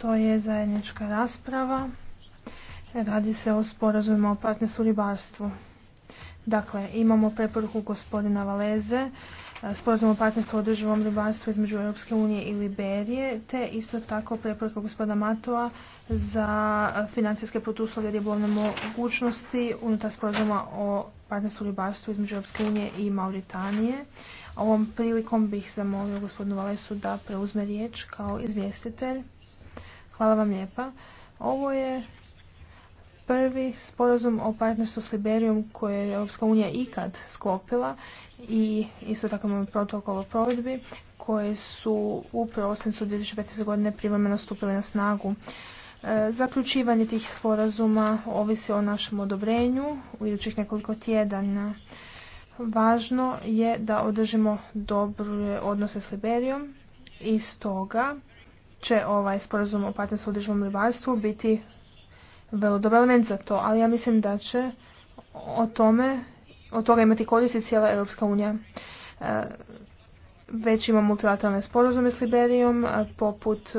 To je zajednička rasprava. Radi se o sporazumima o partnerstvu ribarstvu. Dakle, imamo preporuku gospodina Valeze, e, sporazum o partnerstvu o održivom ribarstvu između Europske unije i Liberije, te isto tako preporuka gospodina Matova za financijske protusloge ribolovne mogućnosti unutar sporazuma o partnerstvu ribarstvu između Europske unije i Mauritanije. Ovom prilikom bih zamolio gospodinu Valesu da preuzme riječ kao izvjestitelj. Hvala vam lijepa. Ovo je prvi sporazum o partnerstvu s Liberijom koje je Europska unija ikad sklopila i isto tako imamo protokol o provedbi koje su u prosincu 2015. godine privremeno stupile na snagu. E, zaključivanje tih sporazuma ovisi o našem odobrenju u idućih nekoliko tjedana. Važno je da održimo dobre odnose s Liberijom i stoga će ovaj sporazum o partnerstvu u državnom ribarstvu biti vrlo dobar element za to, ali ja mislim da će o tome, od toga imati koristi cijela Europska unija. E, već ima multilateralne sporazume s Liberijom, e, poput e,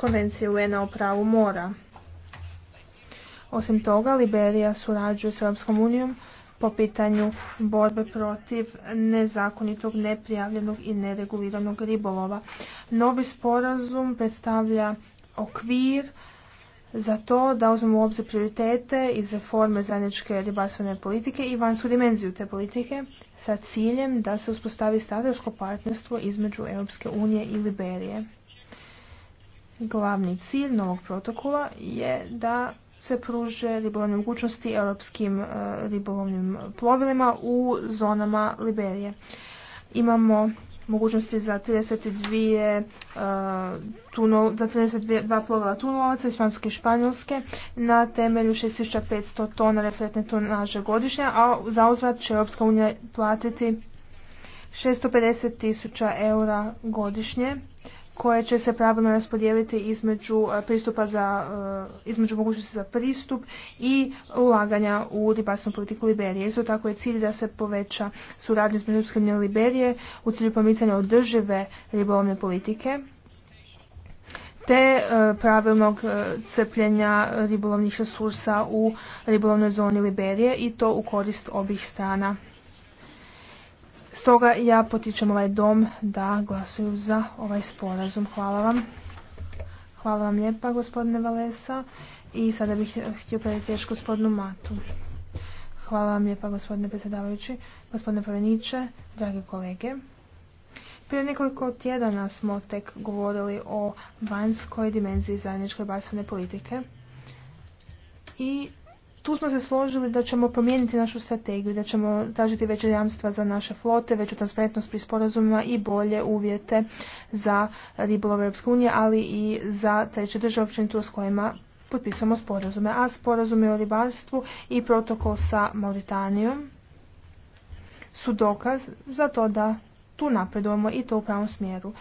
konvencije UN-a o pravu mora. Osim toga, Liberija surađuje s Europskom unijom po pitanju borbe protiv nezakonitog, neprijavljenog i nereguliranog ribolova. Novi sporazum predstavlja okvir za to da uzmemo u obzir prioritete iz reforme zajedničke ribarstvene politike i vanjsku dimenziju te politike sa ciljem da se uspostavi strateško partnerstvo između Europske unije i Liberije. Glavni cilj novog protokola je da se pruže ribolovne mogućnosti europskim e, ribolovnim plovilima u zonama Liberije. Imamo mogućnosti za 32 e, plovila tunolovaca iz i Španjolske na temelju 6500 tona refletne tonaže godišnje, a za uzvrat će Europska unija platiti 650 tisuća eura godišnje koje će se pravilno raspodijeliti između e, pristupa za, e, između mogućnosti za pristup i ulaganja u ribarstvenu politiku Liberije. Isto tako je cilj da se poveća suradnja između Srednje Liberije u cilju pomicanja održive ribolovne politike te e, pravilnog crpljenja ribolovnih resursa u ribolovnoj zoni Liberije i to u korist obih strana. Stoga ja potičem ovaj dom da glasuju za ovaj sporazum. Hvala vam. Hvala vam lijepa gospodine Valesa i sada bih htio predati još gospodinu Matu. Hvala vam lijepa gospodine predsjedavajući, gospodine Prveniće, drage kolege. Prije nekoliko tjedana smo tek govorili o vanjskoj dimenziji zajedničke basovne politike i tu smo se složili da ćemo promijeniti našu strategiju, da ćemo tražiti veće jamstva za naše flote, veću transparentnost pri sporazumima i bolje uvjete za ribolov Europske unije, ali i za treće države općenito s kojima potpisujemo sporazume. A sporazume o ribarstvu i protokol sa Mauritanijom su dokaz za to da tu napredujemo i to u pravom smjeru.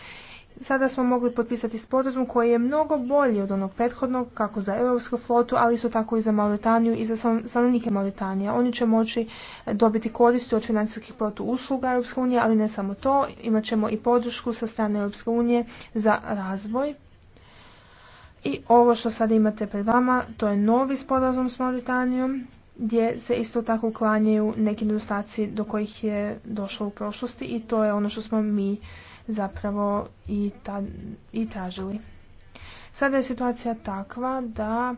Sada smo mogli potpisati sporazum koji je mnogo bolji od onog prethodnog, kako za europsku flotu, ali isto tako i za Mauritaniju i za stanovnike Mauritanija. Oni će moći dobiti koristi od financijskih protu usluga Europske unije, ali ne samo to, imat ćemo i podršku sa strane Europske unije za razvoj. I ovo što sada imate pred vama, to je novi sporazum s Mauritanijom, gdje se isto tako uklanjaju neki nedostaci do kojih je došlo u prošlosti i to je ono što smo mi zapravo i, ta, i tražili. Sada je situacija takva da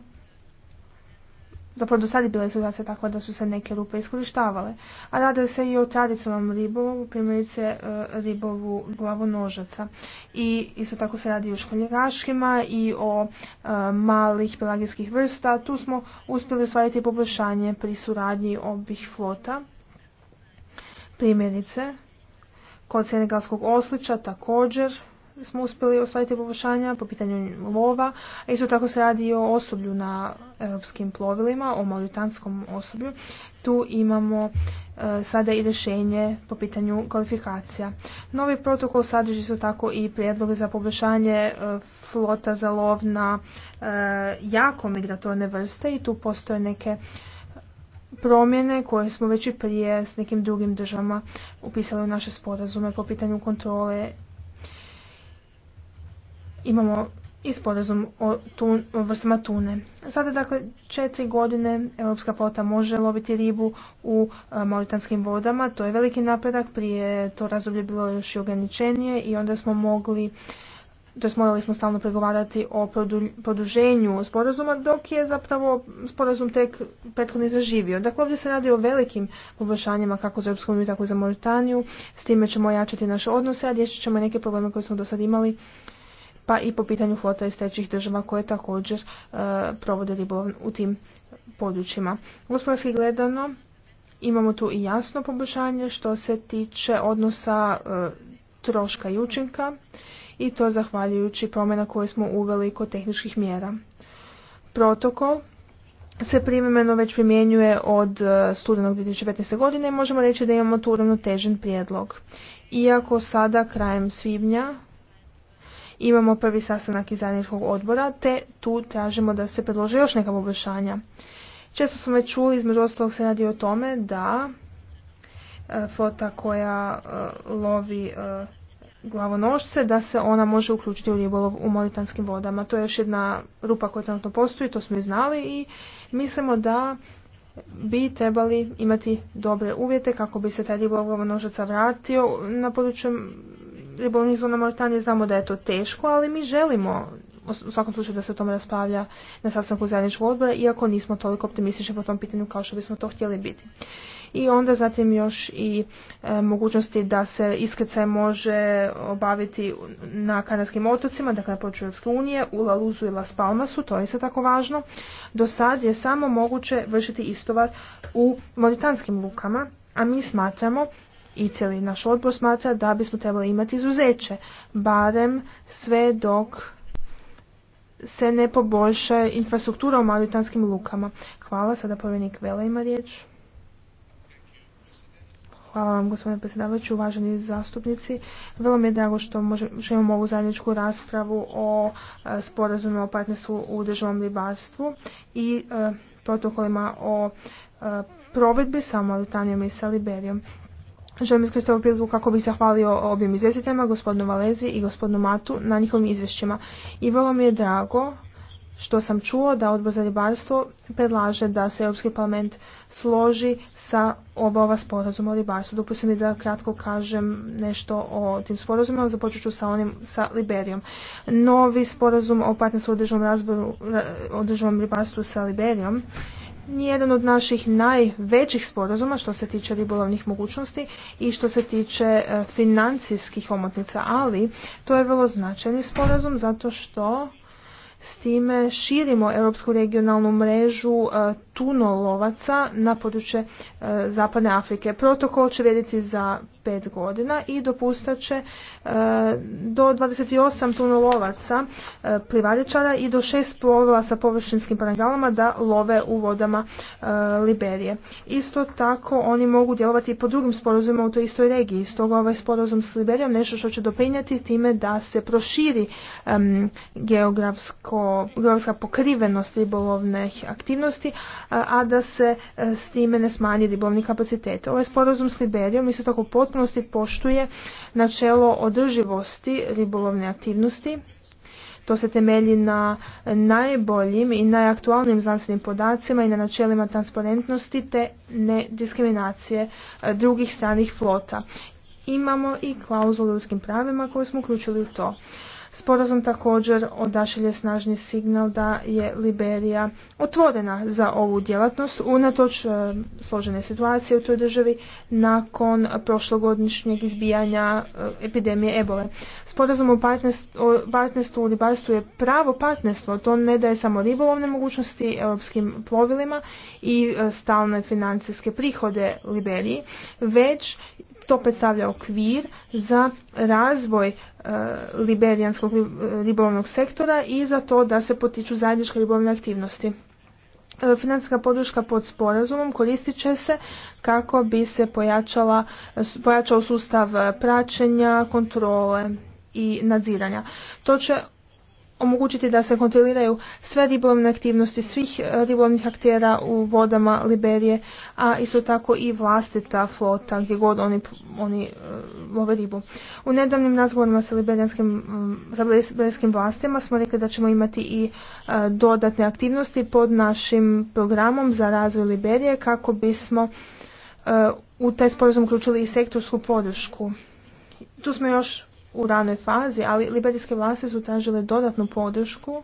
Zapravo do sada je bila situacija takva da su se neke rupe iskorištavale. A rade se i o tradicionalnom ribolovu, primjerice e, ribovu glavonožaca. I isto tako se radi i o školjeraškima i o e, malih pelagijskih vrsta. Tu smo uspjeli ostvariti poboljšanje pri suradnji obih flota. Primjerice, Kod senegalskog oslića također smo uspjeli ostvariti poboljšanja po pitanju lova, a isto tako se radi i o osoblju na europskim plovilima, o malutanskom osoblju. Tu imamo e, sada i rješenje po pitanju kvalifikacija. Novi protokol sadrži su tako i prijedloge za poboljšanje e, flota za lov na e, jako migratorne vrste i tu postoje neke promjene koje smo već i prije s nekim drugim državama upisali u naše sporazume po pitanju kontrole. Imamo i sporazum o, tun, vrstama tune. Sada dakle četiri godine Europska flota može loviti ribu u e, mauritanskim vodama. To je veliki napredak. Prije to razdoblje bilo još i ograničenije i onda smo mogli to morali smo stalno pregovarati o produženju sporazuma dok je zapravo sporazum tek prethodno zaživio. Dakle, ovdje se radi o velikim poboljšanjima kako za Europsku uniju, tako i za Mauritaniju. S time ćemo jačati naše odnose, a riješit ćemo neke probleme koje smo do sad imali, pa i po pitanju flota iz trećih država koje također provodili e, provode ribolov u tim područjima. Gospodarski gledano, imamo tu i jasno poboljšanje što se tiče odnosa e, troška i učinka i to zahvaljujući promjena koje smo uveli kod tehničkih mjera. Protokol se primjeno već primjenjuje od e, studenog 2015. godine i možemo reći da imamo tu uravnotežen prijedlog. Iako sada krajem svibnja imamo prvi sastanak iz zajedničkog odbora, te tu tražimo da se predlože još neka poboljšanja. Često smo već čuli, između ostalog se radi o tome da e, flota koja e, lovi glavonošce da se ona može uključiti u ribolov u Moritanskim vodama. To je još jedna rupa koja trenutno postoji, to smo i znali i mislimo da bi trebali imati dobre uvjete kako bi se taj ribolov glavonožaca vratio na području ribolovnih zona Mauritanije. Znamo da je to teško, ali mi želimo u svakom slučaju da se o tome raspravlja na sastanku zajedničkog odbora, iako nismo toliko optimistični po tom pitanju kao što bismo to htjeli biti. I onda zatim još i e, mogućnosti da se iskrcaj može obaviti na kanadskim otocima, dakle na području Europske unije, u Laluzu i Las Palmasu, to je isto tako važno. Do sad je samo moguće vršiti istovar u monitanskim lukama, a mi smatramo i cijeli naš odbor smatra da bismo trebali imati izuzeće, barem sve dok se ne poboljša infrastruktura u maritanskim lukama. Hvala, sada povjerenik Vela ima riječ. Hvala vam gospodine predsjedavajući, uvaženi zastupnici. Vrlo mi je drago što, imamo ovu zajedničku raspravu o e, sporazumu o partnerstvu u državnom ribarstvu i e, protokolima o e, provedbi sa Mauritanijom i sa Liberijom. Želim iskoristiti ovu priliku kako bih zahvalio obim izvjestiteljima, gospodinu Valezi i gospodinu Matu, na njihovim izvješćima. I vrlo mi je drago što sam čuo da odbor za ribarstvo predlaže da se Europski parlament složi sa oba ova sporazuma o ribarstvu. Dopustim mi da kratko kažem nešto o tim sporazumima, započet ću sa onim sa Liberijom. Novi sporazum o partnerstvu održivom, održivom ribarstvu sa Liberijom Nijedan od naših najvećih sporazuma što se tiče ribolovnih mogućnosti i što se tiče e, financijskih omotnica, ali to je vrlo značajni sporazum zato što s time širimo europsku regionalnu mrežu e, lovaca na područje e, Zapadne Afrike. Protokol će vrijediti za pet godina i dopustat će e, do 28 lovaca e, plivaričara i do šest plovila sa površinskim parangalama da love u vodama Liberije. Isto tako oni mogu djelovati i po drugim sporazumima u toj istoj regiji. Stoga ovaj sporazum s Liberijom nešto što će doprinijeti time da se proširi geografsko, geografska pokrivenost ribolovne aktivnosti, a da se e, s time ne smanji ribolovni kapacitet. Ovaj sporazum s Liberijom isto tako u potpunosti poštuje načelo održivosti ribolovne aktivnosti. To se temelji na najboljim i najaktualnijim znanstvenim podacima i na načelima transparentnosti te nediskriminacije e, drugih stranih flota. Imamo i klauzulu ljudskim pravima koje smo uključili u to. Sporazum također odašilje snažni signal da je Liberija otvorena za ovu djelatnost unatoč e, složene situacije u toj državi nakon prošlogodišnjeg izbijanja e, epidemije ebole. Sporazum o partnerstvu u ribarstvu je pravo partnerstvo, to ne daje samo ribolovne mogućnosti europskim plovilima i e, stalne financijske prihode Liberiji, već to predstavlja okvir za razvoj e, liberijanskog e, ribolovnog sektora i za to da se potiču zajedničke ribolovne aktivnosti. E, financijska podrška pod sporazumom koristit će se kako bi se pojačao sustav praćenja, kontrole i nadziranja. To će omogućiti da se kontroliraju sve ribolovne aktivnosti svih ribolovnih e, aktera u vodama Liberije, a isto tako i vlastita flota gdje god oni, oni e, love ribu. U nedavnim razgovorima sa liberijanskim, vlastima smo rekli da ćemo imati i e, dodatne aktivnosti pod našim programom za razvoj Liberije kako bismo u taj sporazum uključili i sektorsku podršku. Tu smo još u ranoj fazi, ali liberijske vlasti su tražile dodatnu podršku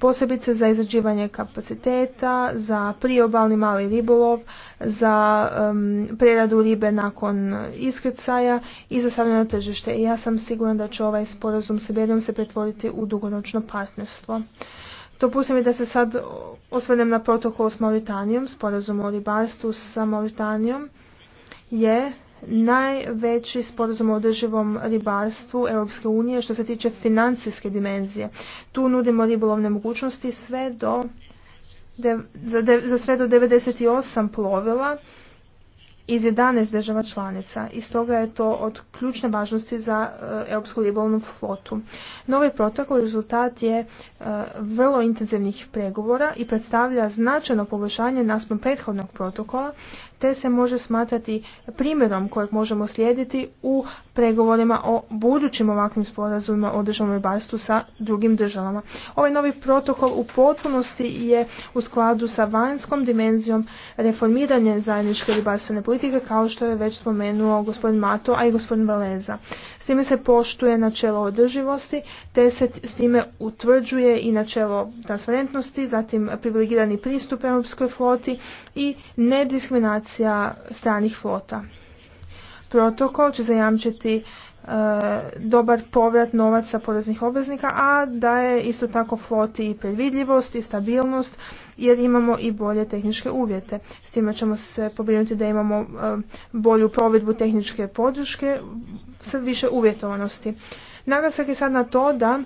posebice za izrađivanje kapaciteta, za priobalni mali ribolov, za um, preradu ribe nakon iskrcaja i za stavljanje na tržište. I ja sam sigurna da će ovaj sporazum s Liberijom se pretvoriti u dugoročno partnerstvo. Dopustim mi da se sad osvrnem na protokol s Mauritanijom, sporazum o ribarstvu sa Mauritanijom je najveći sporazum o održivom ribarstvu Europske unije što se tiče financijske dimenzije. Tu nudimo ribolovne mogućnosti sve do, za, sve do 98 plovila iz 11 država članica i stoga je to od ključne važnosti za e, Europsku ribolovnu flotu. Novi protokol rezultat je e, vrlo intenzivnih pregovora i predstavlja značajno poboljšanje naspram prethodnog protokola te se može smatrati primjerom kojeg možemo slijediti u pregovorima o budućim ovakvim sporazumima o državnom ribarstvu sa drugim državama. Ovaj novi protokol u potpunosti je u skladu sa vanjskom dimenzijom reformiranja zajedničke ribarstvene politike kao što je već spomenuo gospodin Mato, a i gospodin Valeza. S time se poštuje načelo održivosti, te se s time utvrđuje i načelo transparentnosti, zatim privilegirani pristup europskoj floti i nediskriminacija stranih flota. Protokol će zajamčiti E, dobar povrat novaca poreznih obveznika, a da je isto tako floti i predvidljivost i stabilnost jer imamo i bolje tehničke uvjete. S time ćemo se pobrinuti da imamo e, bolju provedbu tehničke podrške sa više uvjetovanosti. Naglasak je sad na to da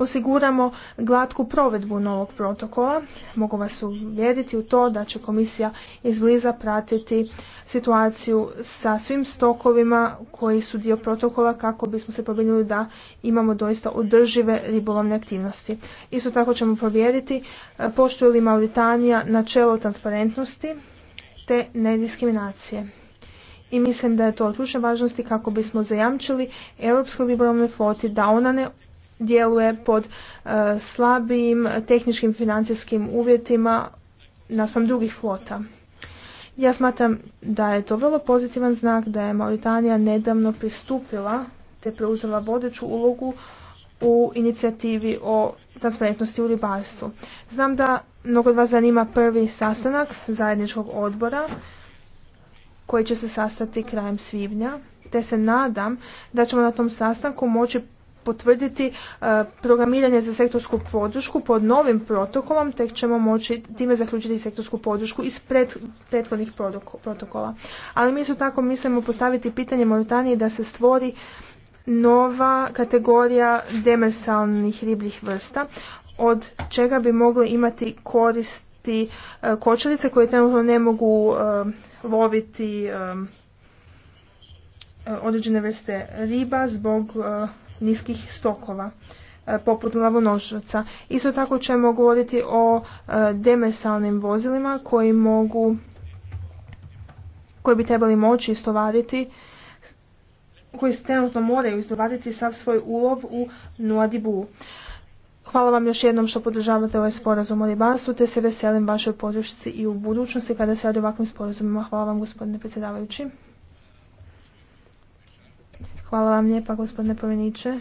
osiguramo glatku provedbu novog protokola. Mogu vas uvjeriti u to da će komisija izbliza pratiti situaciju sa svim stokovima koji su dio protokola kako bismo se pobrinuli da imamo doista održive ribolovne aktivnosti. Isto tako ćemo provjeriti e, poštuje li Mauritanija načelo transparentnosti te nediskriminacije i mislim da je to od ključne važnosti kako bismo zajamčili europskoj ribolovnoj floti da ona ne djeluje pod e, slabijim tehničkim financijskim uvjetima naspram drugih flota. Ja smatram da je to vrlo pozitivan znak da je Mauritanija nedavno pristupila te preuzela vodeću ulogu u inicijativi o transparentnosti u ribarstvu. Znam da mnogo od vas zanima prvi sastanak zajedničkog odbora koji će se sastati krajem svibnja, te se nadam da ćemo na tom sastanku moći potvrditi e, programiranje za sektorsku podršku pod novim protokolom, tek ćemo moći time zaključiti sektorsku podršku iz prethodnih protokola. Ali mi su tako mislimo postaviti pitanje Mauritaniji da se stvori nova kategorija demersalnih ribljih vrsta, od čega bi mogli imati koristi e, kočelice koje trenutno ne mogu e, loviti određene vrste riba zbog niskih stokova e, poput lavonožaca. Isto tako ćemo govoriti o e, demesalnim vozilima koji mogu koji bi trebali moći istovariti koji trenutno moraju istovariti sav svoj ulov u Nuadibu. Hvala vam još jednom što podržavate ovaj sporazum o ribarstvu te se veselim vašoj podršci i u budućnosti kada se radi ovakvim sporazumima. Hvala vam gospodine predsjedavajući. Hvala vam lijepa gospodine povjeniče.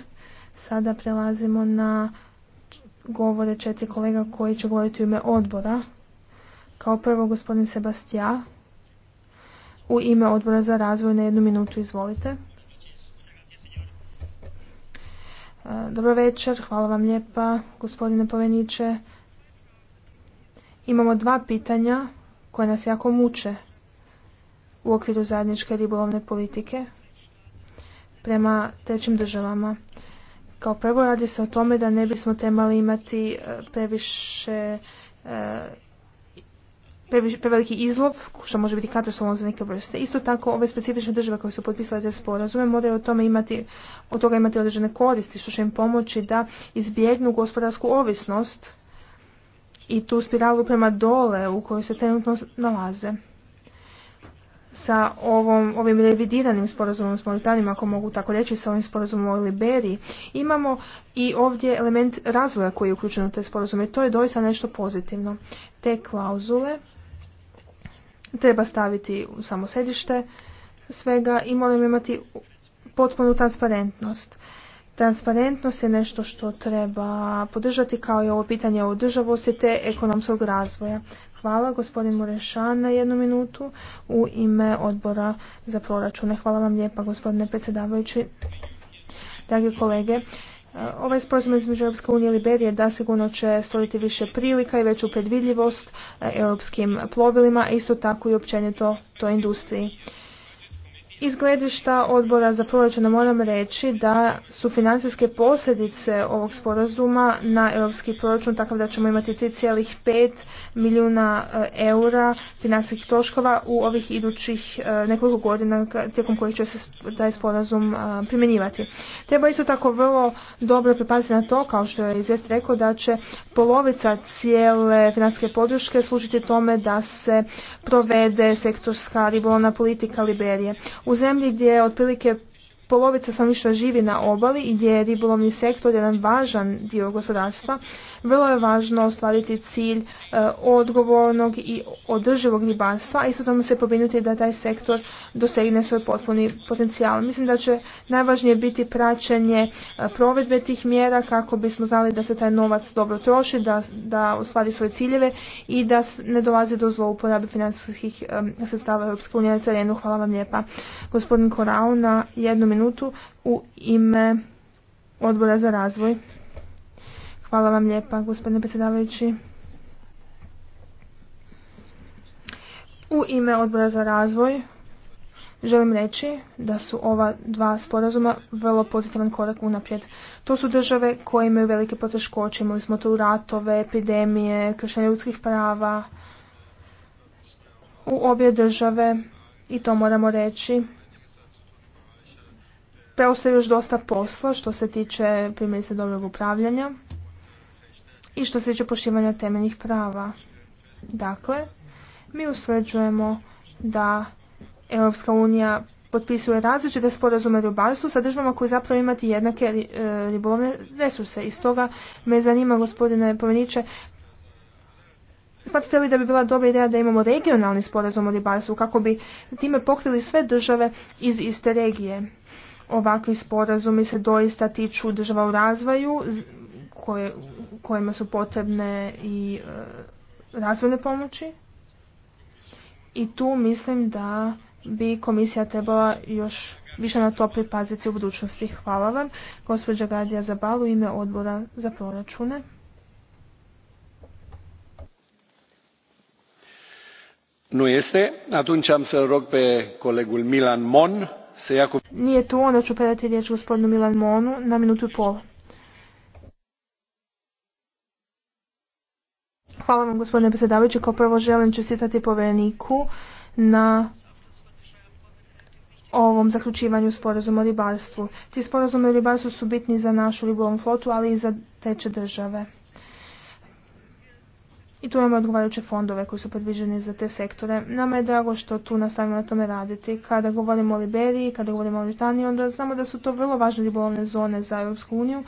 Sada prelazimo na govore četiri kolega koji će govoriti u ime odbora. Kao prvo gospodin Sebastija u ime odbora za razvoj na jednu minutu. Izvolite. E, Dobro večer, hvala vam lijepa gospodine poveniče. Imamo dva pitanja koje nas jako muče u okviru zajedničke ribolovne politike prema trećim državama. Kao prvo radi se o tome da ne bismo trebali imati e, e, previše preveliki izlov, što može biti katastrofom za neke vrste. Isto tako, ove specifične države koje su potpisale te sporazume moraju o tome imati, od toga imati određene koristi, što će im pomoći da izbjegnu gospodarsku ovisnost i tu spiralu prema dole u kojoj se trenutno nalaze sa ovom, ovim revidiranim sporazumom s Mauritanijom, ako mogu tako reći, sa ovim sporazumom o Liberiji, imamo i ovdje element razvoja koji je uključen u te sporazume. To je doista nešto pozitivno. Te klauzule treba staviti u samo sedište svega i moramo imati potpunu transparentnost. Transparentnost je nešto što treba podržati kao i ovo pitanje o te ekonomskog razvoja. Hvala gospodin Murešan na jednu minutu u ime odbora za proračune. Hvala vam lijepa gospodine predsjedavajući. Dragi kolege, e, Ovaj sporazum između Europske unije i Liberije da sigurno će stvoriti više prilika i veću predvidljivost e, europskim plovilima, isto tako i općenito toj industriji. Iz gledišta odbora za proračun moram reći da su financijske posljedice ovog sporazuma na europski proračun takav da ćemo imati 3,5 milijuna e, eura financijskih troškova u ovih idućih e, nekoliko godina tijekom kojih će se taj sporazum e, primjenjivati. Treba isto tako vrlo dobro pripaziti na to, kao što je izvijest rekao, da će polovica cijele financijske podrške služiti tome da se provede sektorska ribolovna politika Liberije u zemlji gdje je otprilike polovica stanovništva živi na obali gdje je ribolovni sektor jedan važan dio gospodarstva, vrlo je važno ostvariti cilj e, odgovornog i održivog ribarstva, a isto tome se pobrinuti da taj sektor dosegne svoj potpuni potencijal. Mislim da će najvažnije biti praćenje e, provedbe tih mjera kako bismo znali da se taj novac dobro troši, da, ostvari svoje ciljeve i da ne dolazi do zlouporabe financijskih e, sredstava Europske unije na terenu. Hvala vam lijepa. Gospodin Korao na jednu minutu u ime odbora za razvoj. Hvala vam lijepa, gospodine predsjedavajući. U ime odbora za razvoj želim reći da su ova dva sporazuma vrlo pozitivan korak unaprijed. To su države koje imaju velike poteškoće. Imali smo tu ratove, epidemije, kršenje ljudskih prava. U obje države, i to moramo reći, preostaje još dosta posla što se tiče primjerice dobrog upravljanja i što se tiče poštivanja temeljnih prava. Dakle, mi usvrđujemo da Europska unija potpisuje različite sporazume ribarstvu sa državama koje zapravo imati jednake e, ribolovne resurse. I stoga me zanima, gospodine Poveniče, Smatrate li da bi bila dobra ideja da imamo regionalni sporazum o ribarstvu kako bi time pokrili sve države iz iste regije? ovakvi sporazumi se doista tiču država u razvoju koje, kojima su potrebne i e, razvojne pomoći. I tu mislim da bi komisija trebala još više na to pripaziti u budućnosti. Hvala vam. Gospođa Gadija Zabalu ime odbora za proračune. Nu este. Atunci am să rog pe colegul Milan Mon se jako... Nije tu, onda ću predati riječ gospodinu Milan Monu na minutu i pola. Hvala vam gospodine predsjedavajući. Kao prvo želim čestitati povjereniku na ovom zaključivanju sporazuma o ribarstvu. Ti sporazumi o ribarstvu su bitni za našu ribolovnu flotu, ali i za teče države i tu imamo odgovarajuće fondove koji su predviđeni za te sektore. Nama je drago što tu nastavimo na tome raditi. Kada govorimo o Liberiji, kada govorimo o Britaniji, onda znamo da su to vrlo važne ribolovne zone za Europsku uniju.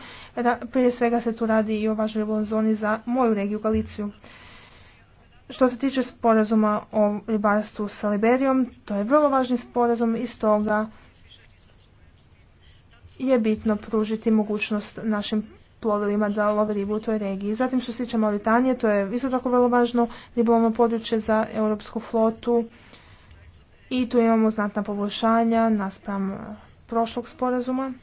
Prije svega se tu radi i o važnoj ribolovnoj zoni za moju regiju, Galiciju. Što se tiče sporazuma o ribarstvu sa Liberijom, to je vrlo važni sporazum i stoga je bitno pružiti mogućnost našim plovilima da love ribu u toj regiji. Zatim što se tiče Mauritanije, to je isto tako vrlo važno ribolovno područje za europsku flotu i tu imamo znatna poboljšanja naspram e, prošlog sporazuma,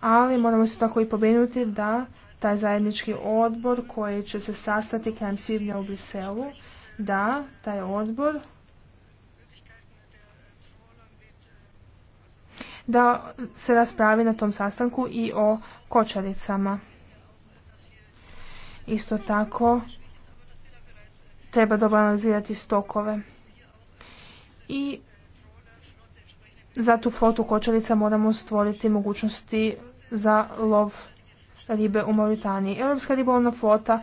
ali moramo se tako i pobrinuti da taj zajednički odbor koji će se sastati krajem svibnja u Briselu, da taj odbor da se raspravi na tom sastanku i o kočaricama. Isto tako treba dobro analizirati stokove. I za tu flotu kočarica moramo stvoriti mogućnosti za lov ribe u Mauritaniji. Europska ribolovna flota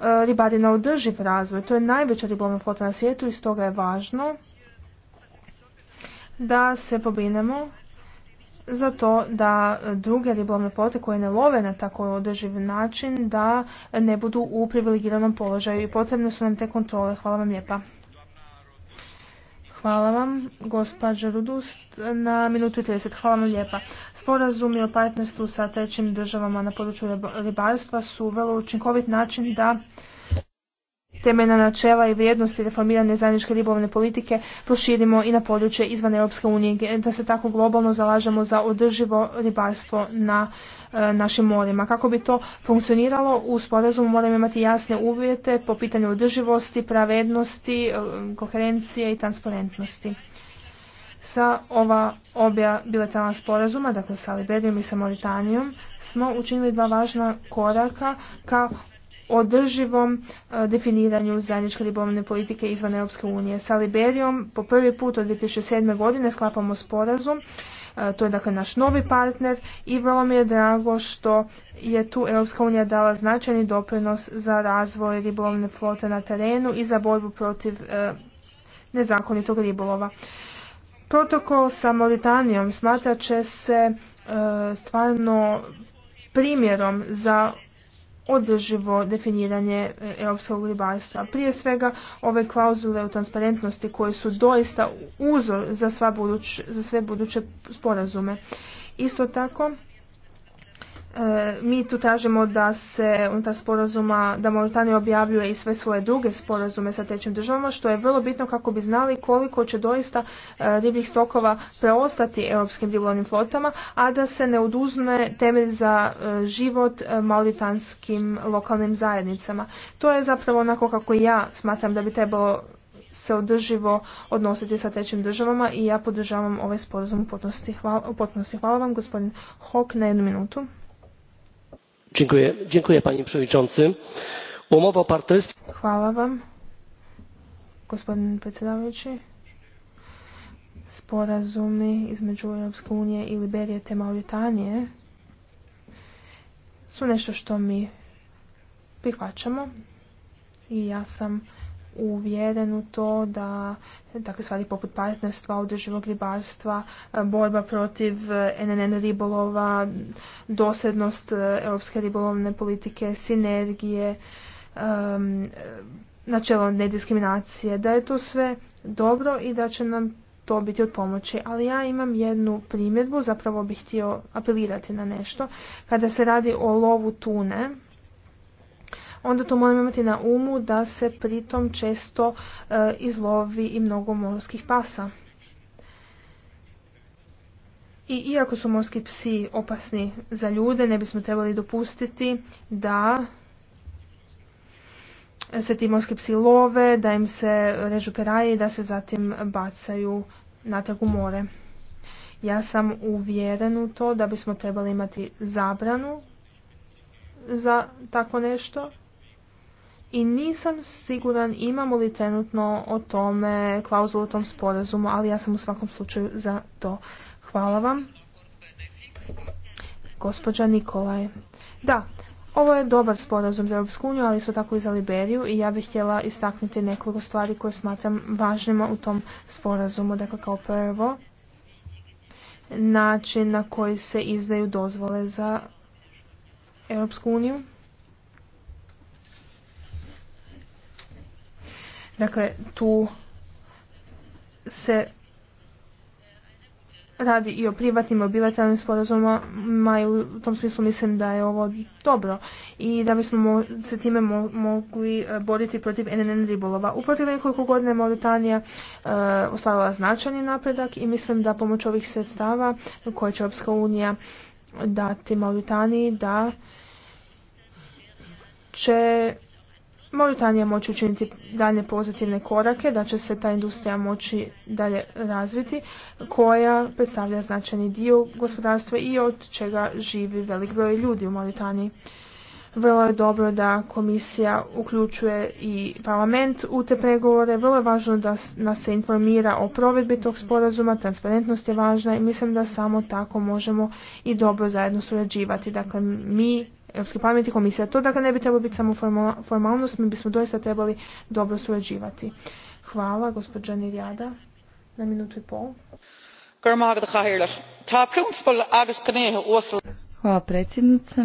e, ribari na održiv razvoj. To je najveća ribolovna flota na svijetu i stoga je važno da se pobrinemo za to da druge ribolovne flote koje ne love na tako održiv način da ne budu u privilegiranom položaju i potrebne su nam te kontrole. Hvala vam lijepa. Hvala vam, gospođa Rudust, na minutu i 30. Hvala vam lijepa. Sporazumi o partnerstvu sa trećim državama na području ribarstva su vrlo učinkovit način da temeljna načela i vrijednosti reformirane zajedničke ribovne politike proširimo i na područje izvan Europske unije, da se tako globalno zalažemo za održivo ribarstvo na e, našim morima. Kako bi to funkcioniralo, u sporazumu moramo imati jasne uvjete po pitanju održivosti, pravednosti, e, koherencije i transparentnosti. Sa ova obja bilateralna sporazuma, dakle sa Liberijom i sa Mauritanijom, smo učinili dva važna koraka ka održivom e, definiranju zajedničke ribolovne politike izvan Europske unije. Sa Liberijom po prvi put od 2007. godine sklapamo sporazum e, to je dakle naš novi partner i vrlo mi je drago što je tu Europska unija dala značajni doprinos za razvoj ribolovne flote na terenu i za borbu protiv e, nezakonitog ribolova. Protokol sa Mauritanijom smatra će se stvarno primjerom za održivo definiranje e, europskog ribarstva. Prije svega ove klauzule o transparentnosti koje su doista uzor za, sva za sve buduće sporazume. Isto tako E, mi tu tražimo da se unutar sporazuma, da Mauritanija objavljuje i sve svoje druge sporazume sa trećim državama, što je vrlo bitno kako bi znali koliko će doista e, ribljih stokova preostati europskim ribolovnim flotama, a da se ne oduzme temelj za e, život mauritanskim lokalnim zajednicama. To je zapravo onako kako ja smatram da bi trebalo se održivo odnositi sa trećim državama i ja podržavam ovaj sporazum u potpunosti. Hvala, vam, gospodin Hok, na jednu minutu gospodine Hvala vam, predsjedavajući. Sporazumi između Europske unije i Liberije te Mauritanije su nešto što mi prihvaćamo i ja sam uvjeren u to da takve stvari poput partnerstva, održivog ribarstva, e, borba protiv NNN e, ribolova, dosljednost e, europske ribolovne politike, sinergije, načelo nediskriminacije, da je to sve dobro i da će nam to biti od pomoći. Ali ja imam jednu primjedbu, zapravo bih htio apelirati na nešto. Kada se radi o lovu tune, onda to moramo imati na umu da se pritom često e, izlovi i mnogo morskih pasa. I iako su morski psi opasni za ljude, ne bismo trebali dopustiti da se ti morski psi love, da im se režu peraje i da se zatim bacaju natrag u more. Ja sam uvjeren u to da bismo trebali imati zabranu za tako nešto i nisam siguran imamo li trenutno o tome klauzulu o tom sporazumu, ali ja sam u svakom slučaju za to. Hvala vam. Gospođa Nikolaj. Da, ovo je dobar sporazum za Europsku uniju, ali isto tako i za Liberiju i ja bih htjela istaknuti nekoliko stvari koje smatram važnima u tom sporazumu. Dakle, kao prvo, način na koji se izdaju dozvole za Europsku uniju. Dakle, tu se radi i o privatnim i sporozumama i u tom smislu mislim da je ovo dobro i da bismo se time mogli e, boriti protiv NNN ribolova. U protiv nekoliko godina je Mauritanija e, ostavila značajni napredak i mislim da pomoć ovih sredstava koje će Europska unija dati Mauritaniji da će Mauritanija moći učiniti dalje pozitivne korake, da će se ta industrija moći dalje razviti, koja predstavlja značajni dio gospodarstva i od čega živi velik broj ljudi u Mauritaniji. Vrlo je dobro da komisija uključuje i parlament u te pregovore. Vrlo je važno da nas se informira o provedbi tog sporazuma. Transparentnost je važna i mislim da samo tako možemo i dobro zajedno surađivati. Dakle, mi Europski parlament komisija. To dakle ne bi trebalo biti samo formalnost, mi bismo doista trebali dobro surađivati. Hvala, gospođa Nirjada, na minutu i pol. Hvala predsjednice.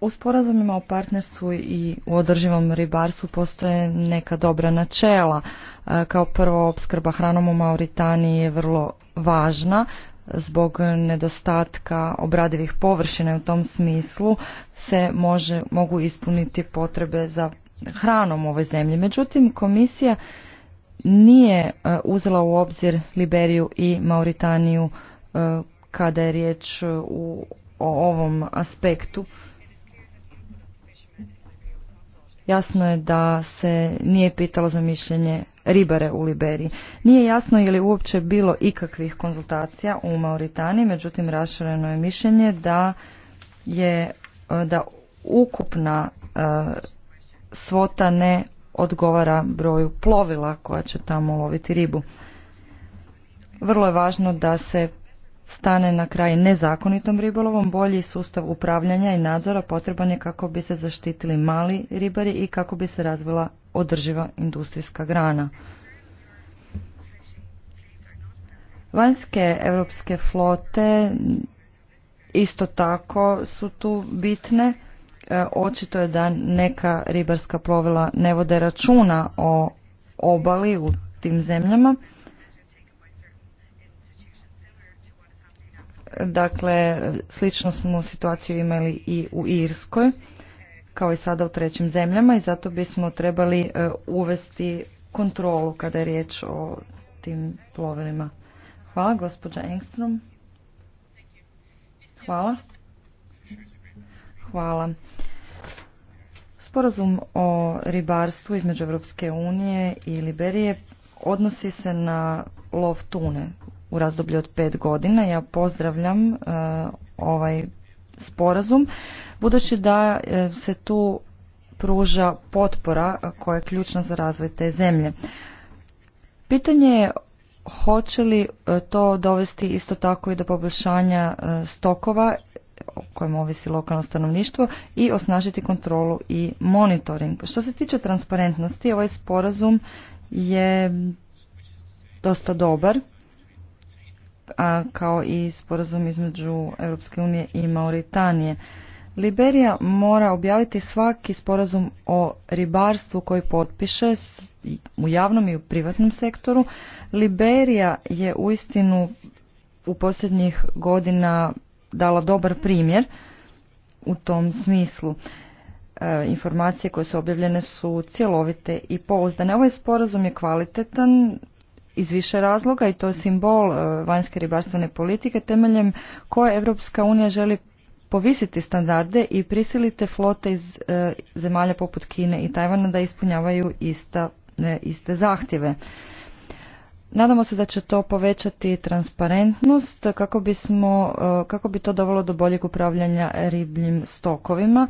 U sporazumima o partnerstvu i u održivom ribarstvu postoje neka dobra načela. E, kao prvo, opskrba hranom u Mauritaniji je vrlo važna zbog nedostatka obradivih površina u tom smislu se može, mogu ispuniti potrebe za hranom u ovoj zemlji. Međutim, komisija nije e, uzela u obzir Liberiju i Mauritaniju e, kada je riječ e, u, o ovom aspektu. Jasno je da se nije pitalo za mišljenje ribare u Liberiji. Nije jasno je li uopće bilo ikakvih konzultacija u Mauritaniji, međutim rašireno je mišljenje da je e, da ukupna e, svota ne odgovara broju plovila koja će tamo loviti ribu. Vrlo je važno da se stane na kraj nezakonitom ribolovom, bolji sustav upravljanja i nadzora potreban je kako bi se zaštitili mali ribari i kako bi se razvila održiva industrijska grana. Vanjske europske flote isto tako su tu bitne. E, očito je da neka ribarska plovila ne vode računa o obali u tim zemljama Dakle, slično smo situaciju imali i u Irskoj, kao i sada u trećim zemljama i zato bismo trebali e, uvesti kontrolu kada je riječ o tim plovilima. Hvala, gospođa Engstrom. Hvala. Hvala. Sporazum o ribarstvu između Europske unije i Liberije odnosi se na lov tune u razdoblju od pet godina. Ja pozdravljam e, ovaj sporazum, budući da e, se tu pruža potpora koja je ključna za razvoj te zemlje. Pitanje je hoće li e, to dovesti isto tako i do poboljšanja stokova o kojem ovisi lokalno stanovništvo i osnažiti kontrolu i monitoring. Što se tiče transparentnosti, ovaj sporazum je dosta dobar kao i sporazum između Europske unije i Mauritanije. Liberija mora objaviti svaki sporazum o ribarstvu koji potpiše u javnom i u privatnom sektoru. Liberija je uistinu u posljednjih godina dala dobar primjer u tom smislu. E, informacije koje su objavljene su cjelovite i pouzdane. Ovaj sporazum je kvalitetan iz više razloga i to je simbol e, vanjske ribarstvene politike temeljem koje Europska unija želi povisiti standarde i prisilite flote iz e, zemalja poput Kine i Tajvana da ispunjavaju e, iste zahtjeve. Nadamo se da će to povećati transparentnost kako, bismo, kako bi to dovelo do boljeg upravljanja ribljim stokovima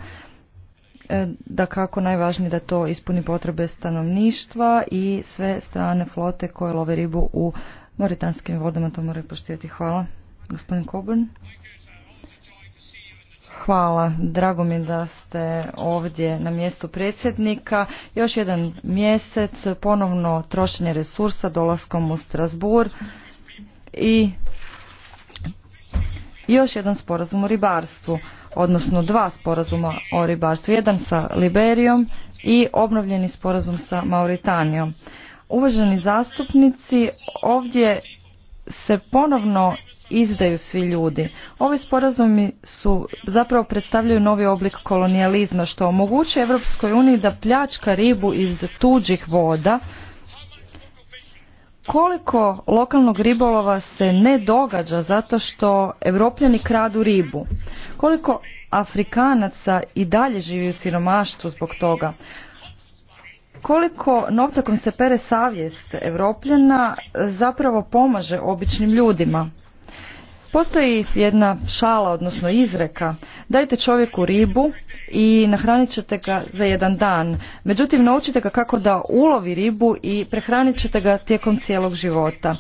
E, da kako najvažnije da to ispuni potrebe stanovništva i sve strane flote koje love ribu u moritanskim vodama to moraju poštivati. Hvala. Gospodin Coburn. Hvala. Drago mi da ste ovdje na mjestu predsjednika. Još jedan mjesec ponovno trošenje resursa dolaskom u Strasbourg i još jedan sporazum o ribarstvu odnosno dva sporazuma o ribarstvu, jedan sa Liberijom i obnovljeni sporazum sa Mauritanijom. Uvaženi zastupnici, ovdje se ponovno izdaju svi ljudi. Ovi sporazumi su zapravo predstavljaju novi oblik kolonijalizma što omogućuje Europskoj uniji da pljačka ribu iz tuđih voda koliko lokalnog ribolova se ne događa zato što evropljani kradu ribu? Koliko Afrikanaca i dalje živi u siromaštvu zbog toga? Koliko novca kojim se pere savjest Evropljana zapravo pomaže običnim ljudima? Postoji jedna šala, odnosno izreka. Dajte čovjeku ribu i nahranit ćete ga za jedan dan. Međutim, naučite ga kako da ulovi ribu i prehranit ćete ga tijekom cijelog života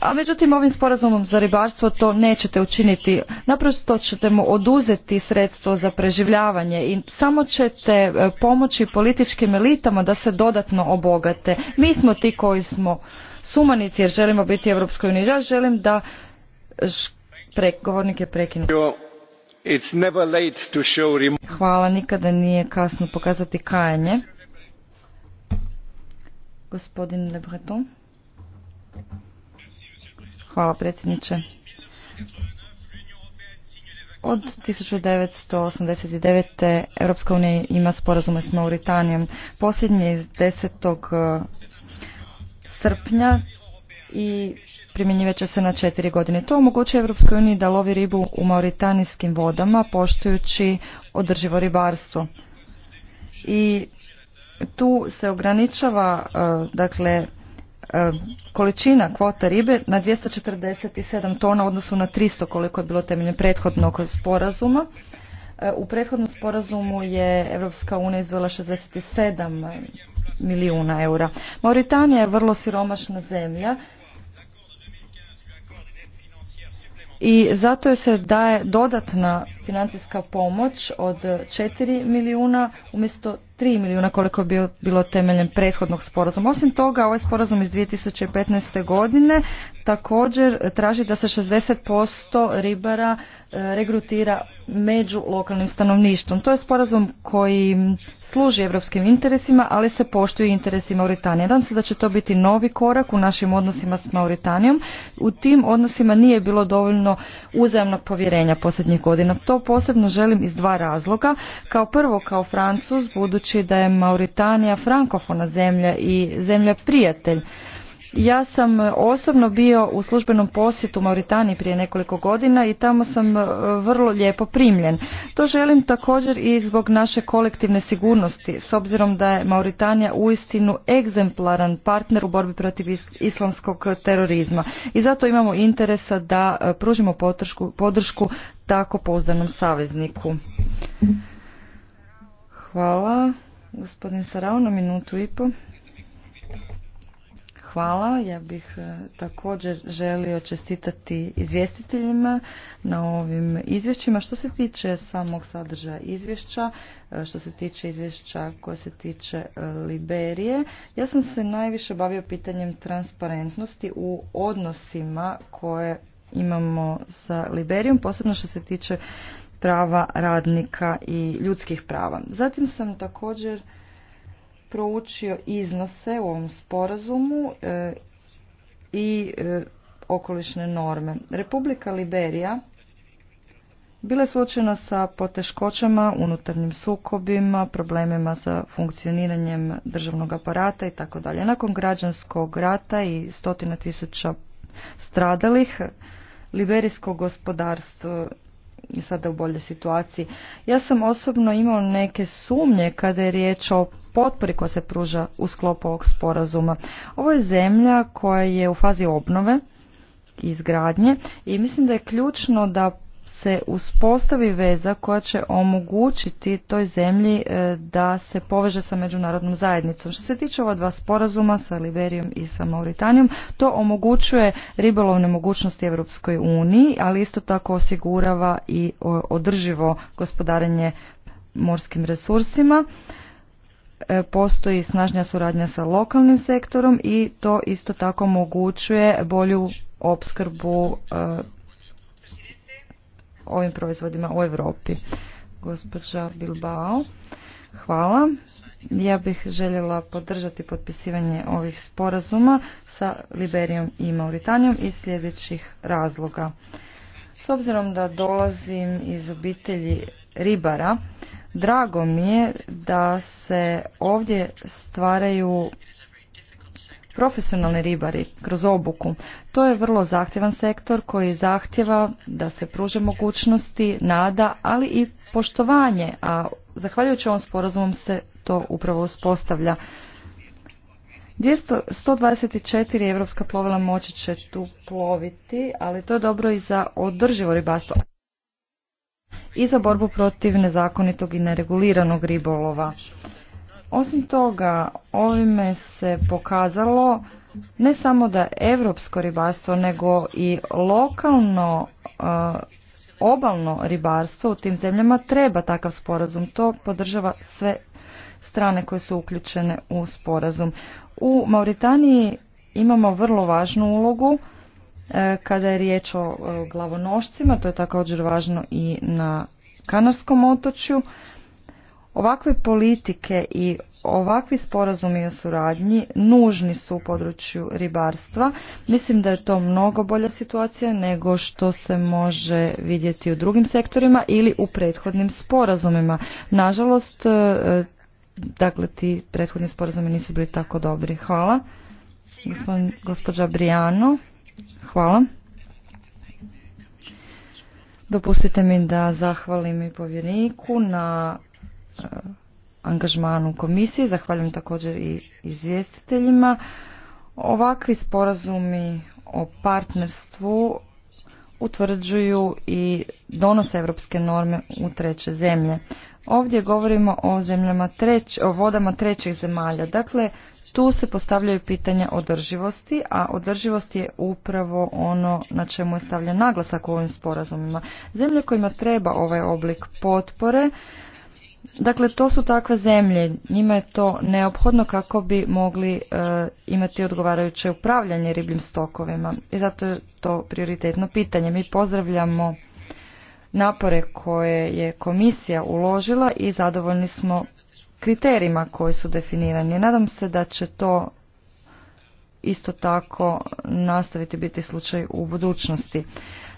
a međutim ovim sporazumom za ribarstvo to nećete učiniti. Naprosto ćete mu oduzeti sredstvo za preživljavanje i samo ćete e, pomoći političkim elitama da se dodatno obogate. Mi smo ti koji smo sumanici jer želimo biti Europskoj uniji. Ja želim da pre, govornik Hvala, nikada nije kasno pokazati kajanje. Gospodin Le Hvala predsjedniče. Od 1989. Europska unija ima sporazume s Mauritanijom. Posljednji iz 10. E, srpnja i primjenjivat će se na četiri godine. To omogućuje Europskoj uniji da lovi ribu u mauritanijskim vodama poštujući održivo ribarstvo. I tu se ograničava e, dakle E, količina kvota ribe na 247 tona u odnosu na 300 koliko je bilo temeljem prethodnog sporazuma. E, u prethodnom sporazumu je Europska unija izvela 67 milijuna eura. Mauritanija je vrlo siromašna zemlja i zato je se daje dodatna financijska pomoć od 4 milijuna umjesto 3 milijuna koliko je bilo, temeljem prethodnog sporazuma. Osim toga, ovaj sporazum iz 2015. godine također traži da se 60% ribara e, regrutira među lokalnim stanovništvom. To je sporazum koji služi europskim interesima, ali se poštuju interesi Mauritanije. Nadam se da će to biti novi korak u našim odnosima s Mauritanijom. U tim odnosima nije bilo dovoljno uzajamnog povjerenja posljednjih godina. To posebno želim iz dva razloga. Kao prvo, kao Francuz, budući reći da je Mauritanija frankofona zemlja i zemlja prijatelj. Ja sam osobno bio u službenom posjetu Mauritaniji prije nekoliko godina i tamo sam e, vrlo lijepo primljen. To želim također i zbog naše kolektivne sigurnosti, s obzirom da je Mauritanija uistinu egzemplaran partner u borbi protiv islamskog terorizma. I zato imamo interesa da e, pružimo podršku, podršku tako pouzdanom savezniku. Hvala. Gospodin Saravno, minutu i po. Hvala. Ja bih e, također želio čestitati izvjestiteljima na ovim izvješćima. Što se tiče samog sadržaja izvješća, e, što se tiče izvješća koje se tiče e, Liberije, ja sam se najviše bavio pitanjem transparentnosti u odnosima koje imamo sa Liberijom, posebno što se tiče prava radnika i ljudskih prava. Zatim sam također proučio iznose u ovom sporazumu e, i e, okolišne norme. Republika Liberija bila je suočena sa poteškoćama, unutarnjim sukobima, problemima sa funkcioniranjem državnog aparata i tako dalje. Nakon građanskog rata i stotina tisuća stradalih, liberijsko gospodarstvo sada u boljoj situaciji. Ja sam osobno imao neke sumnje kada je riječ o potpori koja se pruža u sklopu ovog sporazuma. Ovo je zemlja koja je u fazi obnove i izgradnje i mislim da je ključno da se uspostavi veza koja će omogućiti toj zemlji e, da se poveže sa međunarodnom zajednicom. Što se tiče ova dva sporazuma sa Liberijom i sa Mauritanijom, to omogućuje ribolovne mogućnosti Europskoj uniji, ali isto tako osigurava i održivo gospodarenje morskim resursima e, postoji snažnja suradnja sa lokalnim sektorom i to isto tako omogućuje bolju opskrbu e, ovim proizvodima u Europi. Gospođa Bilbao, hvala. Ja bih željela podržati potpisivanje ovih sporazuma sa Liberijom i Mauritanijom iz sljedećih razloga. S obzirom da dolazim iz obitelji ribara, drago mi je da se ovdje stvaraju profesionalni ribari kroz obuku. To je vrlo zahtjevan sektor koji zahtjeva da se pruže mogućnosti, nada, ali i poštovanje, a zahvaljujući ovom sporazumom se to upravo uspostavlja. 124 evropska plovila moći će tu ploviti, ali to je dobro i za održivo ribarstvo i za borbu protiv nezakonitog i nereguliranog ribolova. Osim toga, ovime se pokazalo ne samo da europsko ribarstvo, nego i lokalno e, obalno ribarstvo u tim zemljama treba takav sporazum. To podržava sve strane koje su uključene u sporazum. U Mauritaniji imamo vrlo važnu ulogu e, kada je riječ o glavonošcima, to je također važno i na Kanarskom otočju. Ovakve politike i ovakvi sporazumi o suradnji nužni su u području ribarstva. Mislim da je to mnogo bolja situacija nego što se može vidjeti u drugim sektorima ili u prethodnim sporazumima. Nažalost, e, dakle ti prethodni sporazumi nisu bili tako dobri. Hvala. gospođa Brijano, hvala. Dopustite mi da zahvalim i povjereniku na angažmanu komisije. Zahvaljujem također i izvjestiteljima. Ovakvi sporazumi o partnerstvu utvrđuju i donose evropske norme u treće zemlje. Ovdje govorimo o zemljama treć, o vodama trećih zemalja. Dakle, tu se postavljaju pitanja održivosti, a održivost je upravo ono na čemu je stavljen naglasak u ovim sporazumima. Zemlje kojima treba ovaj oblik potpore Dakle, to su takve zemlje, njima je to neophodno kako bi mogli e, imati odgovarajuće upravljanje ribljim stokovima i zato je to prioritetno pitanje. Mi pozdravljamo napore koje je komisija uložila i zadovoljni smo kriterijima koji su definirani. Nadam se da će to isto tako nastaviti biti slučaj u budućnosti.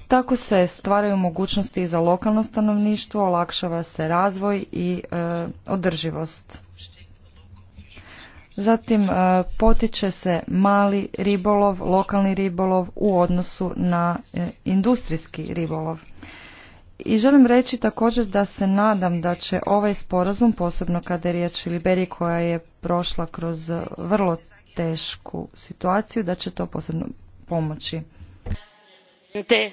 Tako se stvaraju mogućnosti i za lokalno stanovništvo, olakšava se razvoj i e, održivost. Zatim e, potiče se mali ribolov, lokalni ribolov u odnosu na e, industrijski ribolov. I želim reći također da se nadam da će ovaj sporazum, posebno kada je riječ o koja je prošla kroz vrlo tešku situaciju, da će to posebno pomoći Eh,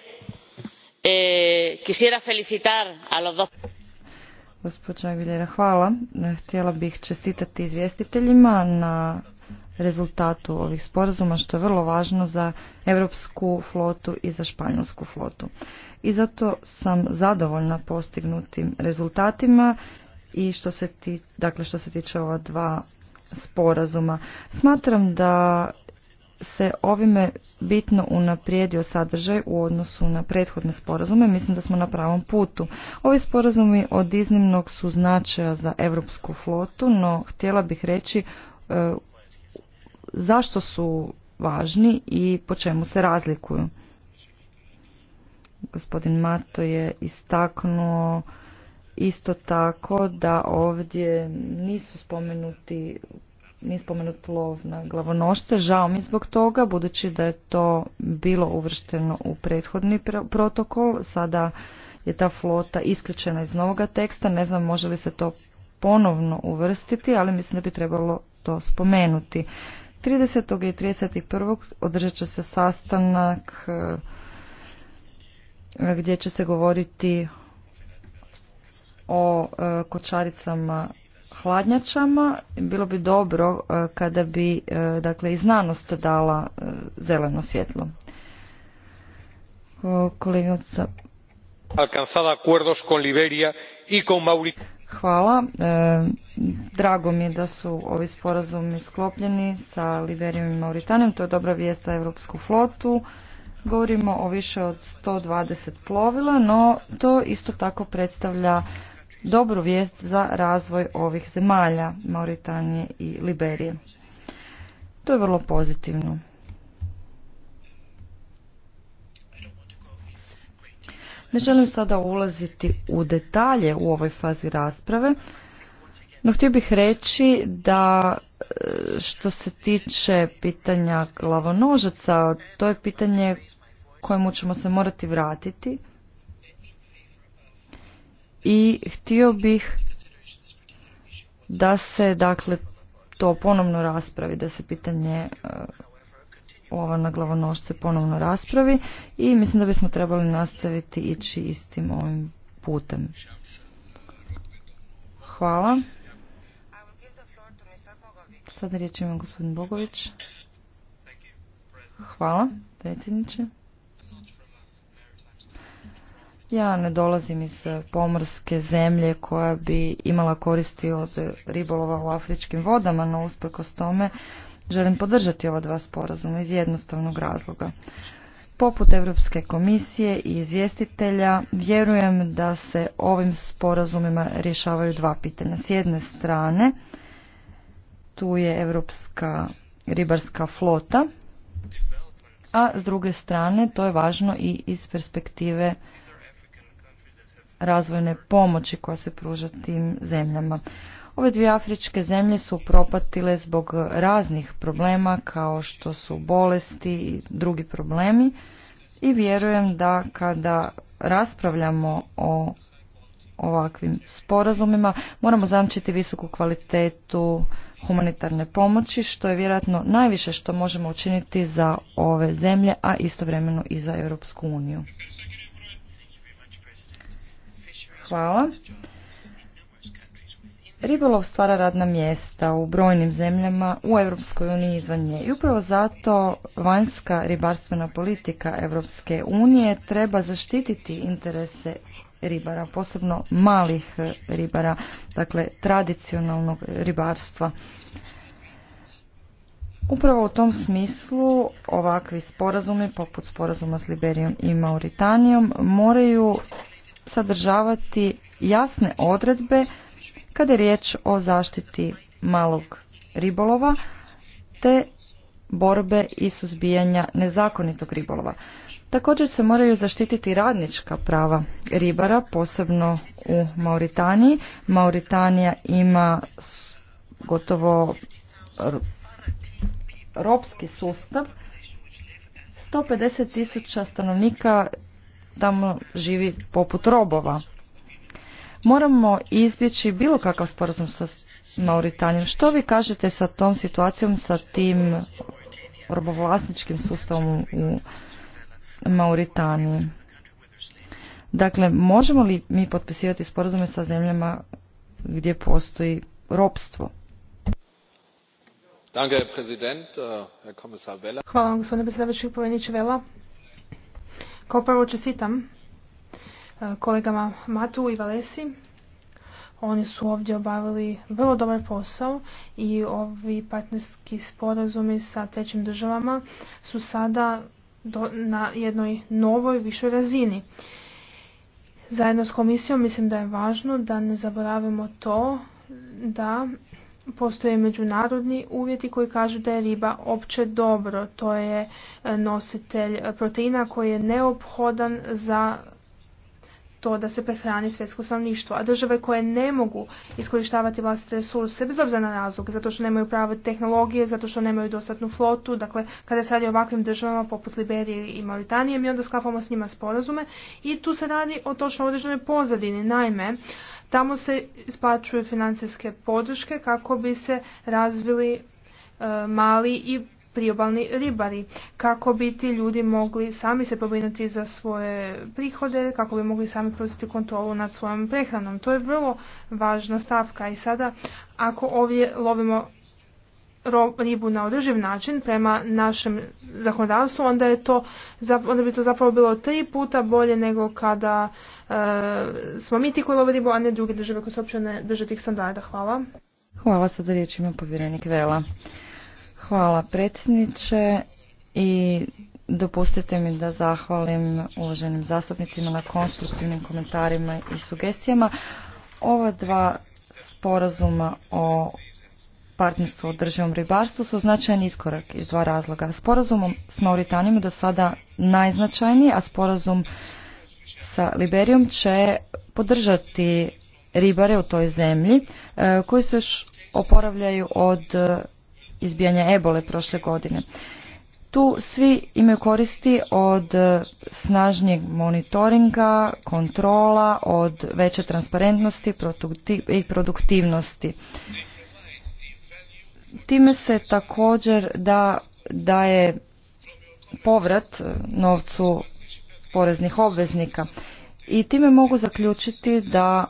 Gospođa Aguilera, hvala. Htjela bih čestitati izvjestiteljima na rezultatu ovih sporazuma što je vrlo važno za europsku flotu i za španjolsku flotu. I zato sam zadovoljna postignutim rezultatima i što se, ti, dakle, što se tiče ova dva sporazuma. Smatram da se ovime bitno unaprijedio sadržaj u odnosu na prethodne sporazume. Mislim da smo na pravom putu. Ovi sporazumi od iznimnog su značaja za europsku flotu, no htjela bih reći e, zašto su važni i po čemu se razlikuju. Gospodin Mato je istaknuo isto tako da ovdje nisu spomenuti nispomenut spomenut lov na glavonošce. Žao mi zbog toga, budući da je to bilo uvršteno u prethodni protokol. Sada je ta flota isključena iz novoga teksta. Ne znam može li se to ponovno uvrstiti, ali mislim da bi trebalo to spomenuti. 30. i 31. održat će se sastanak eh, gdje će se govoriti o eh, kočaricama hladnjačama. Bilo bi dobro e, kada bi e, dakle, i znanost dala e, zeleno svjetlo. Kolegica acuerdos con Liberia i con Hvala. Drago mi je da su ovi sporazumi sklopljeni sa Liberijom i Mauritanijom. To je dobra vijest za europsku flotu. Govorimo o više od 120 plovila, no to isto tako predstavlja dobru vijest za razvoj ovih zemalja, Mauritanije i Liberije. To je vrlo pozitivno. Ne želim sada ulaziti u detalje u ovoj fazi rasprave, no htio bih reći da e, što se tiče pitanja glavonožaca, to je pitanje kojemu ćemo se morati vratiti i htio bih da se dakle to ponovno raspravi, da se pitanje e, ova na glavonošce ponovno raspravi i mislim da bismo trebali nastaviti ići istim ovim putem. Hvala. Sada riječ ima gospodin Bogović. Hvala, predsjedniče. Ja ne dolazim iz e, pomorske zemlje koja bi imala koristi od ribolova u afričkim vodama, no usprkos tome želim podržati ova dva sporazuma iz jednostavnog razloga. Poput Europske komisije i izvjestitelja, vjerujem da se ovim sporazumima rješavaju dva pitanja. S jedne strane, tu je Europska ribarska flota, a s druge strane, to je važno i iz perspektive razvojne pomoći koja se pruža tim zemljama. Ove dvije afričke zemlje su propatile zbog raznih problema kao što su bolesti i drugi problemi i vjerujem da kada raspravljamo o ovakvim sporazumima moramo zamčiti visoku kvalitetu humanitarne pomoći što je vjerojatno najviše što možemo učiniti za ove zemlje a istovremeno i za Europsku uniju. Hvala. Ribolov stvara radna mjesta u brojnim zemljama u Europskoj uniji izvan nje i upravo zato vanjska ribarstvena politika Europske unije treba zaštititi interese ribara, posebno malih ribara, dakle tradicionalnog ribarstva. Upravo u tom smislu ovakvi sporazumi, poput sporazuma s Liberijom i Mauritanijom, moraju sadržavati jasne odredbe kada je riječ o zaštiti malog ribolova te borbe i suzbijanja nezakonitog ribolova. Također se moraju zaštititi radnička prava ribara, posebno u Mauritaniji. Mauritanija ima gotovo ropski sustav. 150 tisuća stanovnika tamo živi poput robova. Moramo izbjeći bilo kakav sporazum sa Mauritanijom. Što vi kažete sa tom situacijom, sa tim robovlasničkim sustavom u Mauritaniji? Dakle, možemo li mi potpisivati sporazume sa zemljama gdje postoji ropstvo? Äh, Hvala vam, gospodine predsjedavajući, povjereniče Vela. Kao prvo čestitam e, kolegama Matu i Valesi. Oni su ovdje obavili vrlo dobar posao i ovi partnerski sporazumi sa trećim državama su sada na jednoj novoj, višoj razini. Zajedno s komisijom mislim da je važno da ne zaboravimo to da postoje međunarodni uvjeti koji kažu da je riba opće dobro. To je e, nositelj e, proteina koji je neophodan za to da se prehrani svjetsko stanovništvo. A države koje ne mogu iskorištavati vlastite resurse, bez obzira na razlog, zato što nemaju prave tehnologije, zato što nemaju dostatnu flotu, dakle, kada se radi o ovakvim državama poput Liberije i Mauritanije, mi onda sklapamo s njima sporazume i tu se radi o točno određenoj pozadini. Naime, Tamo se isplaćuju financijske podrške kako bi se razvili e, mali i priobalni ribari, kako bi ti ljudi mogli sami se pobrinuti za svoje prihode, kako bi mogli sami prositi kontrolu nad svojom prehranom. To je vrlo važna stavka i sada ako ovdje lovimo ribu na održiv način prema našem zakonodavstvu, onda, je to, onda bi to zapravo bilo tri puta bolje nego kada e, smo mi ti koji love ribu, a ne druge države koje se uopće ne drže tih standarda. Hvala. Hvala sad za povjerenik Vela. Hvala predsjedniče i dopustite mi da zahvalim uvaženim zastupnicima na konstruktivnim komentarima i sugestijama. Ova dva sporazuma o partnerstvu u državom ribarstvu su značajan iskorak iz dva razloga. Sporazumom s Mauritanijom je do sada najznačajniji, a sporazum sa Liberijom će podržati ribare u toj zemlji e, koji se još oporavljaju od e, izbijanja ebole prošle godine. Tu svi imaju koristi od e, snažnijeg monitoringa, kontrola, od veće transparentnosti i produktivnosti. Time se također da daje povrat novcu poreznih obveznika i time mogu zaključiti da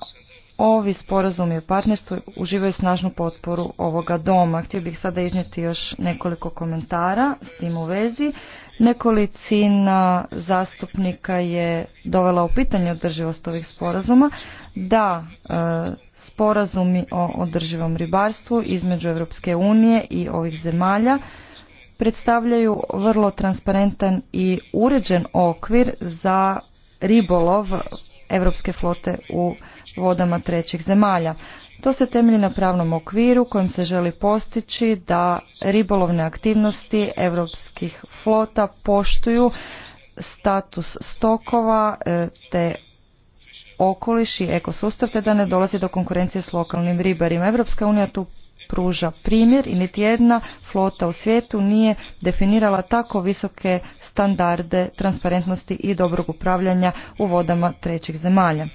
ovi sporazumi o partnerstvu uživaju snažnu potporu ovoga doma. Htio bih sada iznijeti još nekoliko komentara s tim u vezi. Nekolicina zastupnika je dovela u pitanje održivost ovih sporazuma. Da, e, sporazumi o održivom ribarstvu između Europske unije i ovih zemalja predstavljaju vrlo transparentan i uređen okvir za ribolov europske flote u vodama trećih zemalja. To se temelji na pravnom okviru kojim se želi postići da ribolovne aktivnosti europskih flota poštuju status stokova e, te okoliš i ekosustav te da ne dolazi do konkurencije s lokalnim ribarima. Europska unija tu pruža primjer i niti jedna flota u svijetu nije definirala tako visoke standarde transparentnosti i dobrog upravljanja u vodama trećih zemalja.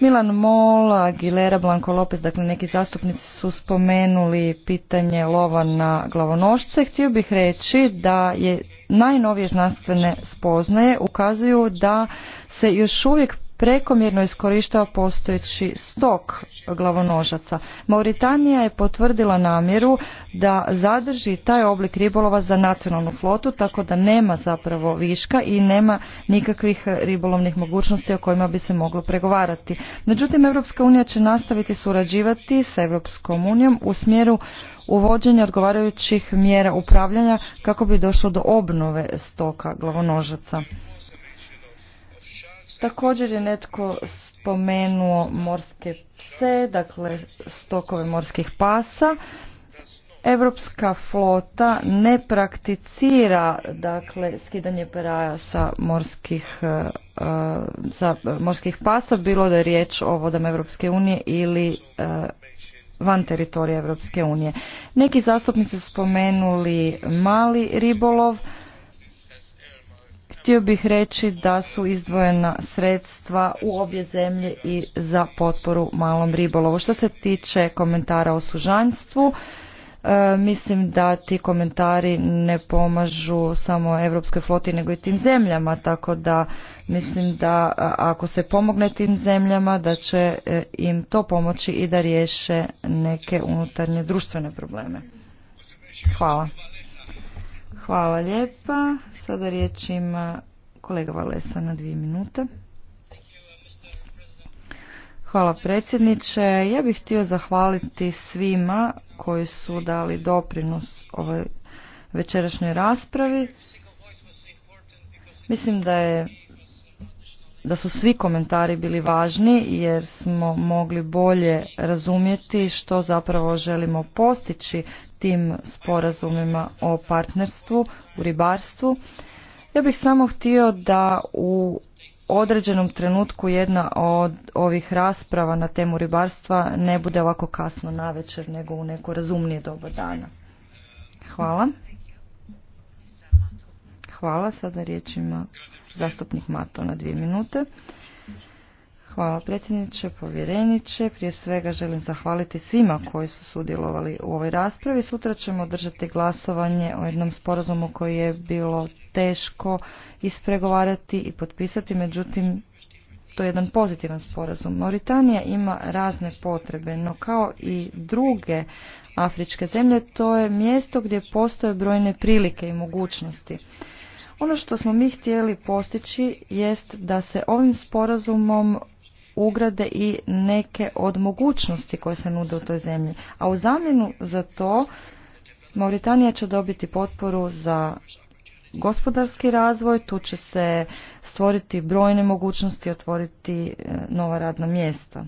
Milan Mola, Gilera Blanco Lopez, dakle neki zastupnici su spomenuli pitanje lova na glavonošce. Htio bih reći da je najnovije znanstvene spoznaje ukazuju da se još uvijek prekomjerno iskorištava postojeći stok glavonožaca. Mauritanija je potvrdila namjeru da zadrži taj oblik ribolova za nacionalnu flotu tako da nema zapravo viška i nema nikakvih ribolovnih mogućnosti o kojima bi se moglo pregovarati. Međutim, Europska unija će nastaviti surađivati sa Europskom unijom u smjeru uvođenja odgovarajućih mjera upravljanja kako bi došlo do obnove stoka glavonožaca. Također je netko spomenuo morske pse, dakle stokove morskih pasa. Europska flota ne prakticira dakle skidanje peraja sa morskih, e, e, morskih pasa, bilo da je riječ o vodama Evropske unije ili e, van teritorija Evropske unije. Neki zastupnici su spomenuli mali ribolov. Htio bih reći da su izdvojena sredstva u obje zemlje i za potporu malom ribolovu. Što se tiče komentara o sužanstvu, e, mislim da ti komentari ne pomažu samo europskoj floti nego i tim zemljama tako da mislim da ako se pomogne tim zemljama da će e, im to pomoći i da riješe neke unutarnje društvene probleme. Hvala. Hvala lijepa. Sada riječ ima kolega Valesa na dvije minute. Hvala predsjedniče. Ja bih htio zahvaliti svima koji su dali doprinos ovoj večerašnjoj raspravi. Mislim da je da su svi komentari bili važni jer smo mogli bolje razumjeti što zapravo želimo postići tim sporazumima o partnerstvu u ribarstvu. Ja bih samo htio da u određenom trenutku jedna od ovih rasprava na temu ribarstva ne bude ovako kasno na večer nego u neko razumnije doba dana. Hvala. Hvala. Sada riječ ima zastupnik Mato na dvije minute. Hvala predsjedniče, povjereniče. Prije svega želim zahvaliti svima koji su sudjelovali u ovoj raspravi. Sutra ćemo održati glasovanje o jednom sporazumu koji je bilo teško ispregovarati i potpisati, međutim to je jedan pozitivan sporazum. Mauritanija ima razne potrebe, no kao i druge afričke zemlje, to je mjesto gdje postoje brojne prilike i mogućnosti. Ono što smo mi htjeli postići jest da se ovim sporazumom ugrade i neke od mogućnosti koje se nude u toj zemlji. A u zamjenu za to Mauritanija će dobiti potporu za gospodarski razvoj, tu će se stvoriti brojne mogućnosti, otvoriti e, nova radna mjesta.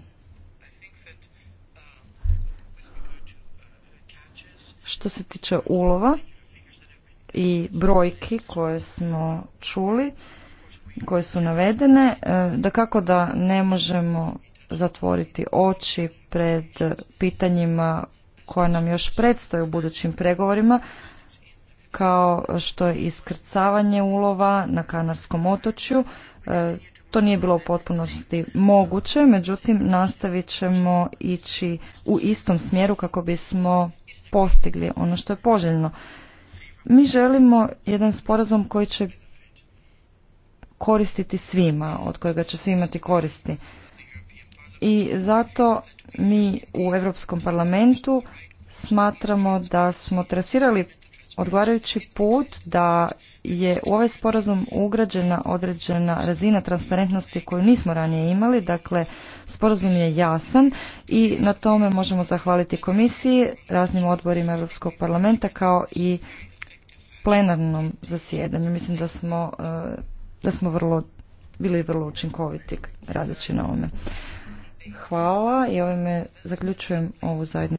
Što se tiče ulova i brojki koje smo čuli, koje su navedene, e, da kako da ne možemo zatvoriti oči pred pitanjima koja nam još predstoje u budućim pregovorima, kao što je iskrcavanje ulova na Kanarskom otočju. E, to nije bilo u potpunosti moguće, međutim nastavit ćemo ići u istom smjeru kako bismo postigli ono što je poželjno. Mi želimo jedan sporazum koji će koristiti svima, od kojega će svi imati koristi. I zato mi u Europskom parlamentu smatramo da smo trasirali odgovarajući put da je u ovaj sporazum ugrađena određena razina transparentnosti koju nismo ranije imali, dakle sporazum je jasan i na tome možemo zahvaliti komisiji, raznim odborima Europskog parlamenta kao i plenarnom zasjedanju. Mislim da smo e, da smo vrlo, bili vrlo učinkoviti radeći na ovome. Hvala i ovime zaključujem ovu zajednicu.